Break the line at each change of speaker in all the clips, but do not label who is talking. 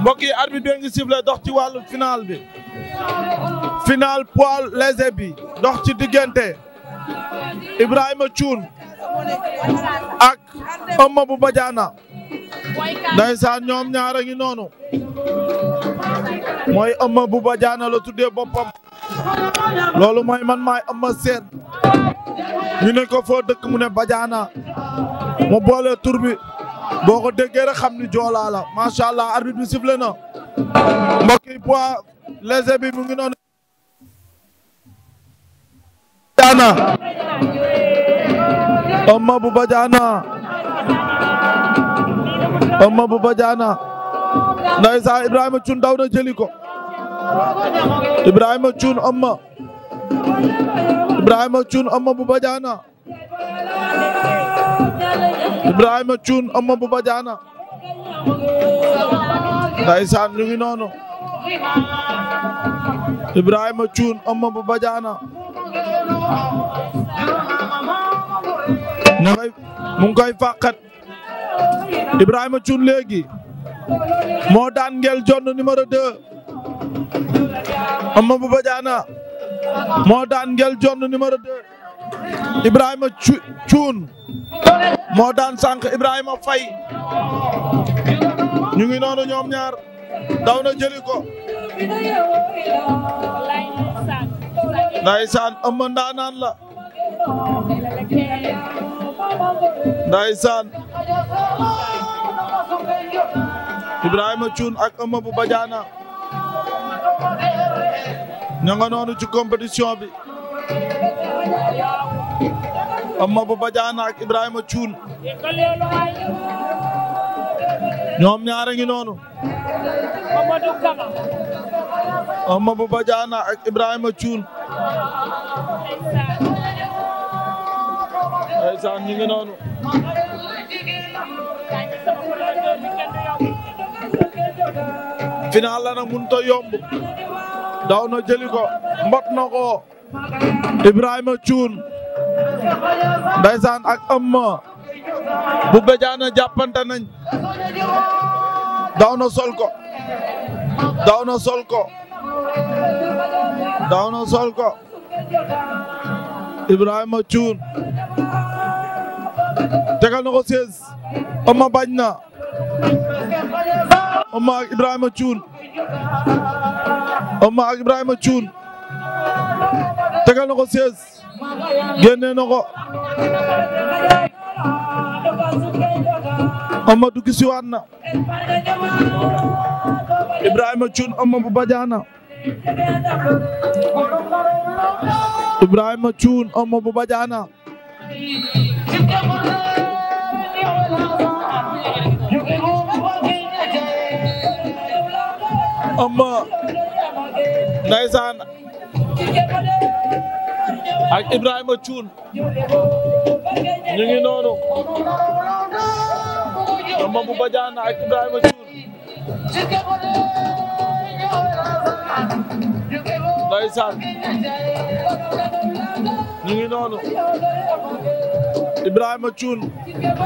mbokk yi arbitre bi ngi sifflé dox ci wàllu final bi finaal poids léger bi dox ci diggante Ibrahima Thioune ak Eumeu bu Badiana ndeysaan ñoom ñaara ngi noonu mooy Eumeu bu Badiana la tuddee boppam loolu mooy man maay Eumeu Sène ñu ne ko foo dëkk mu ne Badiana mu boole tur bi boo ko déggee rek xam ni joolaa la macha allah arbitre bi na mbokk yi poids léger bi mu ngi noonu jaana Ouma bu Badiana Ouma bu Badiana ndeysaan Ibrahima Thioune daw na jëli ko Ibrahima Thioune Ouma Ibrahima Thioune Ouma bu Badiana Ibrahima Thioune Ouma bu Badiana ndeysaan ñu ngi noonu Ibrahima Cuun ëmma bu bajaana na ngay mu Ibrahima Cuun léegi moo daan ngel jonn numéro 2 bajaana moo daan ngel jonn Ibrahima Cuun moo daan sànq Ibrahima Fay ñu ngi noonu ñoom ñaar daw na jëli ko. Ndaysaan ëmb ndaanaan la. Ndaysaan Ibrahima Thioune ak ëmb bu Badiana. ña ci compétition bi. ëmb bu ak Ibrahima Thioune. ñoom ñaar a ngi noonu Amadou Badiana ak Ibrahima Thioune ndeysaan ñu noonu final la nag mënut a yomb daw ko mbot na ko ak Amma bu bejaana jàppante nañ daw na sol ko daw na sol ko daw ko Ibrahima Thioune tegal na ko seize Ama na Ama ak Ibrahima Thioune Ama na ko seize génne na ko Amadou gis waat na Ibrahima Thioune Ama bu Badiana Ibrahima Thioune Ama bu Badiana Ama ndeysaan ak Ibrahima Thioune ñu ngi noonu ñoom bu Badiane ak Ibrahima Thioune ndeysaan ñu noonu Ibrahima Thioune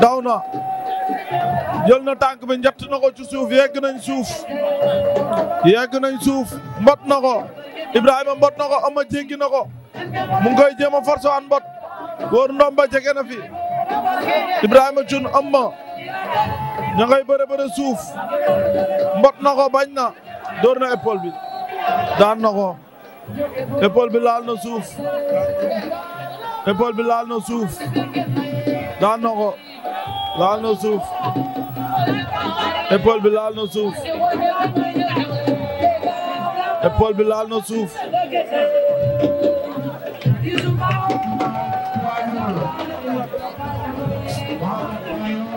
daw na jël na tànk bi njëtt ko ci suuf yegg nañ suuf yegg nañ suuf mbot na ko Ibrahima mbot na ko mu ngi koy jéem a forcé an mbot wóor ndomba jege na fi Ibrahima Thioune am ma ña ngay bëre bëre suuf mbot na ko bañ na door na épaule bi daan na ko épaule bi laal na suuf épaule bi laal na suuf daan na ko laal suuf épaule bi laal na suuf épaule bi laal na suuf Wow.